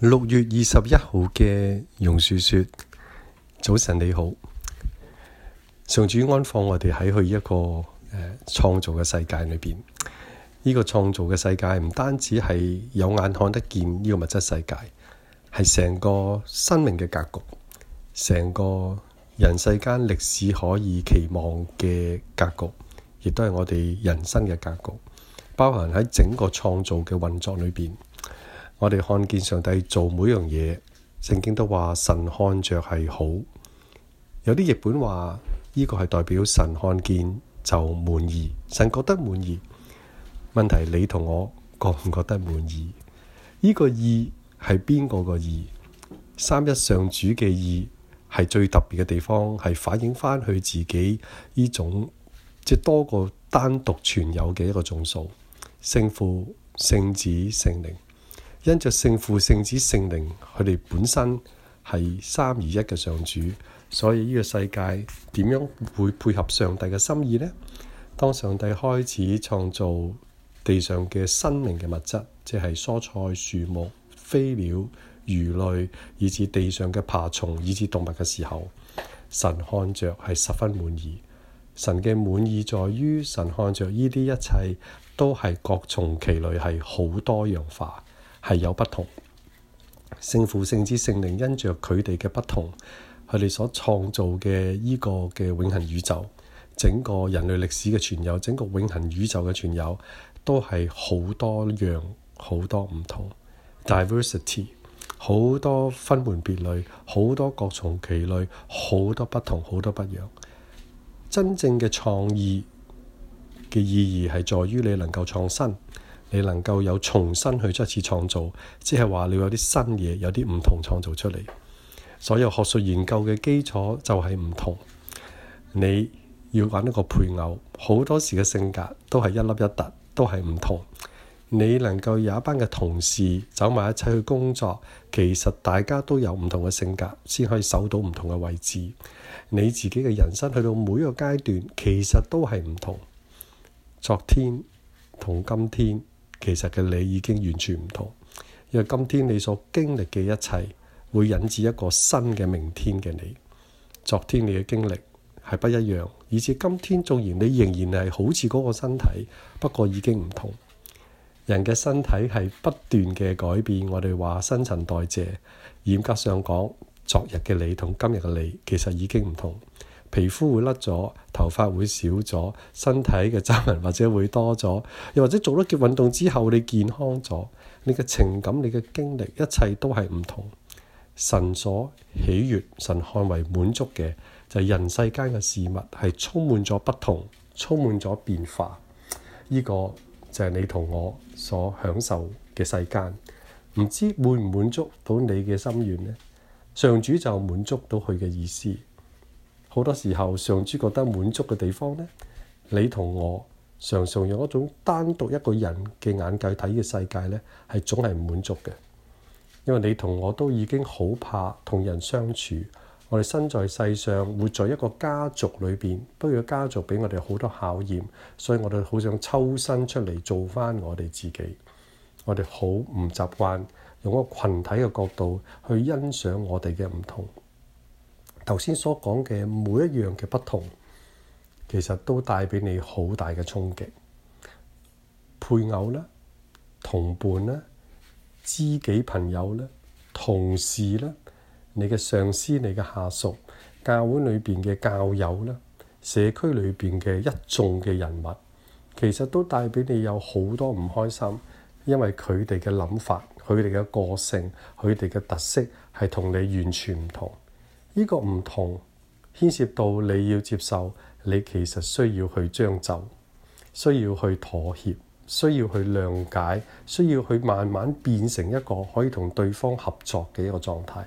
六月二十一號嘅榕樹說：早晨你好，上主安放我哋喺去一個誒、呃、創造嘅世界裏邊。呢、這個創造嘅世界唔單止係有眼看得見呢個物質世界，係成個生命嘅格局，成個人世間歷史可以期望嘅格局，亦都係我哋人生嘅格局，包含喺整個創造嘅運作裏邊。我哋看見上帝做每樣嘢，聖經都話神看著係好。有啲譯本話呢個係代表神看見就滿意，神覺得滿意。問題，你同我覺唔覺得滿意？呢個意係邊個個意？三一上主嘅意係最特別嘅地方，係反映翻佢自己呢種即多個單獨存有嘅一個眾數，聖父、聖子、聖靈。因着聖父、聖子、聖靈，佢哋本身係三而一嘅上主，所以呢個世界點樣會配合上帝嘅心意呢？當上帝開始創造地上嘅生命嘅物質，即係蔬菜、樹木、飛鳥、魚類，以至地上嘅爬蟲以至動物嘅時候，神看着係十分滿意。神嘅滿意在於神看着呢啲一切都係各從其類，係好多樣化。係有不同，聖父、聖子、聖靈，因着佢哋嘅不同，佢哋所創造嘅依個嘅永恆宇宙，整個人類歷史嘅存有，整個永恆宇宙嘅存有，都係好多樣，好多唔同，diversity，好多分門別類，好多各從其類，好多不同，好多不一樣。真正嘅創意嘅意義係在於你能夠創新。你能夠有重新去再一次創造，即係話你有啲新嘢，有啲唔同創造出嚟。所有學術研究嘅基礎就係唔同。你要搵一個配偶，好多時嘅性格都係一凹一凸，都係唔同。你能夠有一班嘅同事走埋一齊去工作，其實大家都有唔同嘅性格，先可以守到唔同嘅位置。你自己嘅人生去到每一個階段，其實都係唔同。昨天同今天。其實嘅你已經完全唔同，因為今天你所經歷嘅一切會引致一個新嘅明天嘅你。昨天你嘅經歷係不一樣，以至今天縱然你仍然係好似嗰個身體，不過已經唔同。人嘅身體係不斷嘅改變，我哋話新陳代謝。嚴格上講，昨日嘅你同今日嘅你其實已經唔同。皮膚會甩咗，頭髮會少咗，身體嘅皺紋或者會多咗，又或者做咗啲運動之後，你健康咗，你嘅情感、你嘅經歷，一切都係唔同。神所喜悅、神看為滿足嘅，就係、是、人世間嘅事物係充滿咗不同，充滿咗變化。呢、這個就係你同我所享受嘅世間，唔知滿唔滿足到你嘅心願呢？上主就滿足到佢嘅意思。好多時候，上主覺得滿足嘅地方呢，你同我常常用一種單獨一個人嘅眼界睇嘅世界呢，係總係唔滿足嘅，因為你同我都已經好怕同人相處。我哋身在世上，活在一個家族裏邊，不過家族俾我哋好多考驗，所以我哋好想抽身出嚟做返我哋自己。我哋好唔習慣用一個群體嘅角度去欣賞我哋嘅唔同。頭先所講嘅每一樣嘅不同，其實都帶俾你好大嘅衝擊。配偶咧、同伴咧、知己朋友咧、同事咧、你嘅上司、你嘅下屬、教會裏邊嘅教友咧、社區裏邊嘅一眾嘅人物，其實都帶俾你有好多唔開心，因為佢哋嘅諗法、佢哋嘅個性、佢哋嘅特色係同你完全唔同。呢個唔同牽涉到你要接受，你其實需要去將就，需要去妥協，需要去諒解，需要去慢慢變成一個可以同對方合作嘅一個狀態。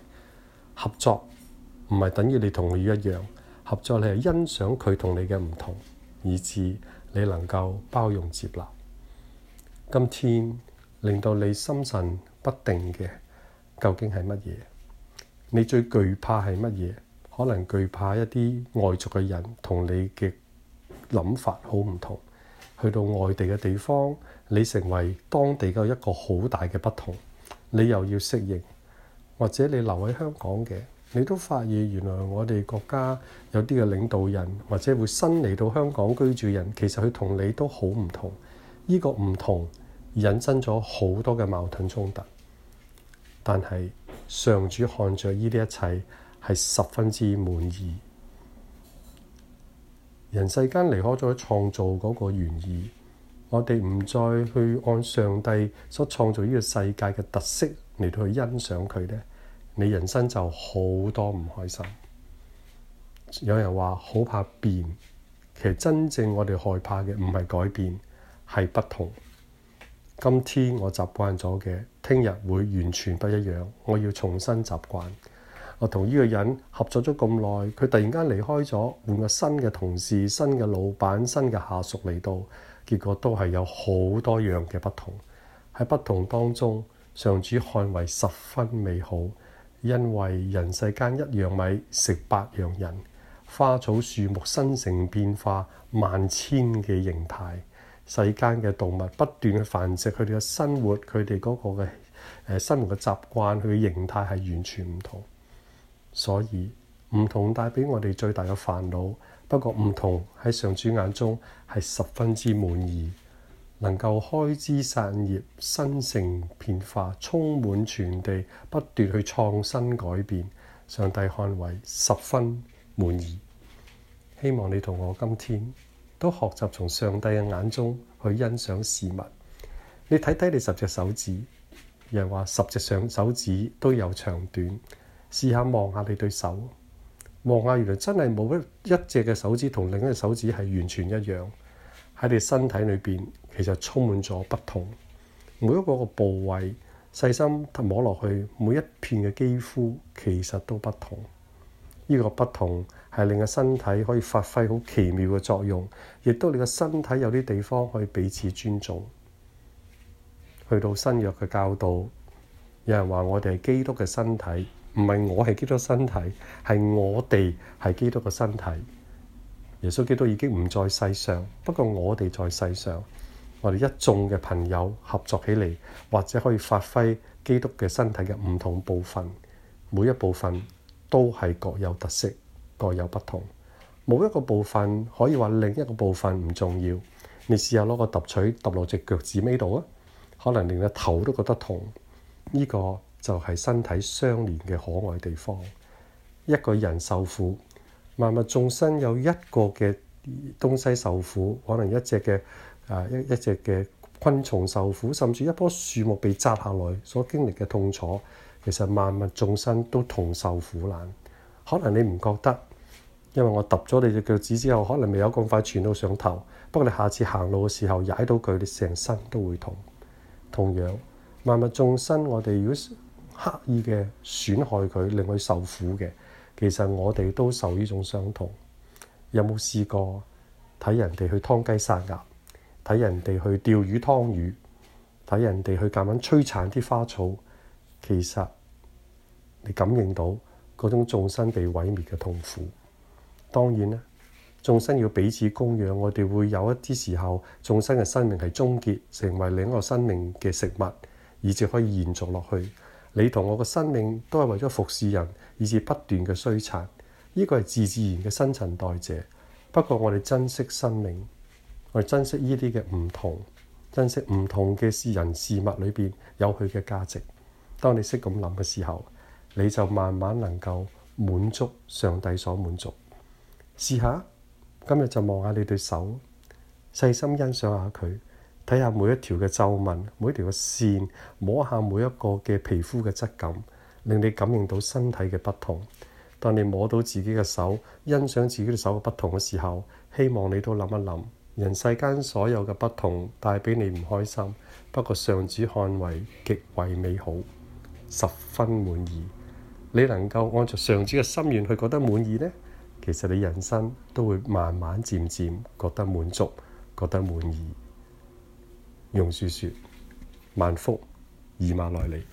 合作唔係等於你同佢一樣，合作你係欣賞佢同你嘅唔同，以至你能夠包容接納。今天令到你心神不定嘅，究竟係乜嘢？你最懼怕係乜嘢？可能懼怕一啲外族嘅人同你嘅諗法好唔同。去到外地嘅地方，你成為當地嘅一個好大嘅不同，你又要適應。或者你留喺香港嘅，你都發現原來我哋國家有啲嘅領導人，或者會新嚟到香港居住人，其實佢同你都好唔同。呢個唔同引申咗好多嘅矛盾衝突，但係。上主看着呢啲一切係十分之滿意。人世間離開咗創造嗰個原意，我哋唔再去按上帝所創造呢個世界嘅特色嚟到去欣賞佢咧，你人生就好多唔開心。有人話好怕變，其實真正我哋害怕嘅唔係改變，係不同。今天我習慣咗嘅，聽日會完全不一樣。我要重新習慣。我同呢個人合作咗咁耐，佢突然間離開咗，換個新嘅同事、新嘅老闆、新嘅下屬嚟到，結果都係有好多樣嘅不同。喺不同當中，上主看為十分美好，因為人世間一樣米食八樣人，花草樹木生成變化萬千嘅形態。世間嘅動物不斷嘅繁殖，佢哋嘅生活，佢哋嗰個嘅誒、呃、生活嘅習慣，佢嘅形態係完全唔同。所以唔同帶俾我哋最大嘅煩惱。不過唔同喺上主眼中係十分之滿意，能夠開枝散葉，新城變化，充滿全地，不斷去創新改變。上帝看為十分滿意。希望你同我今天，都學習從上帝嘅眼中去欣賞事物。你睇睇你十隻手指，人話十隻上手指都有長短。試下望下你對手，望下原來真係冇一隻嘅手指同另一隻手指係完全一樣。喺你身體裏邊，其實充滿咗不同。每一個部位，細心同摸落去，每一片嘅肌膚其實都不同。呢個不同係令個身體可以發揮好奇妙嘅作用，亦都令你個身體有啲地方可以彼此尊重。去到新約嘅教導，有人話我哋係基督嘅身體，唔係我係基督身體，係我哋係基督嘅身體。耶穌基督已經唔在世上，不過我哋在世上，我哋一眾嘅朋友合作起嚟，或者可以發揮基督嘅身體嘅唔同部分，每一部分，都係各有特色，各有不同，冇一個部分可以話另一個部分唔重要。你試下攞個揼錘揼落隻腳趾尾度啊，可能連個頭都覺得痛。呢個就係身體相連嘅可愛地方。一個人受苦，萬物眾生有一個嘅東西受苦，可能一隻嘅啊一一隻嘅昆蟲受苦，甚至一棵樹木被摘下來所經歷嘅痛楚。其實萬物眾生都同受苦難，可能你唔覺得，因為我揼咗你隻腳趾之後，可能未有咁快傳到上頭。不過你下次行路嘅時候踩到佢，你成身都會痛。同樣，萬物眾生，我哋如果刻意嘅損害佢，令佢受苦嘅，其實我哋都受呢種傷痛。有冇試過睇人哋去劏雞殺鴨，睇人哋去釣魚劏魚，睇人哋去咁樣摧殘啲花草？其實你感應到嗰種眾生被毀滅嘅痛苦。當然啦，眾生要彼此供養，我哋會有一啲時候，眾生嘅生命係終結，成為另一個生命嘅食物，以至可以延續落去。你同我嘅生命都係為咗服侍人，以至不斷嘅衰殘。呢個係自自然嘅新陳代謝。不過我哋珍惜生命，我哋珍惜呢啲嘅唔同，珍惜唔同嘅是人事物裏邊有佢嘅價值。當你識咁諗嘅時候，你就慢慢能夠滿足上帝所滿足。試下今日就望下你對手，細心欣賞下佢，睇下每一條嘅皺紋，每一條嘅線，摸下每一個嘅皮膚嘅質感，令你感應到身體嘅不同。當你摸到自己嘅手，欣賞自己嘅手嘅不同嘅時候，希望你都諗一諗人世間所有嘅不同帶俾你唔開心。不過上主看為極為美好。十分滿意，你能夠按照上次嘅心願去覺得滿意呢？其實你人生都會慢慢漸漸覺得滿足，覺得滿意。用樹說：萬福以馬內利。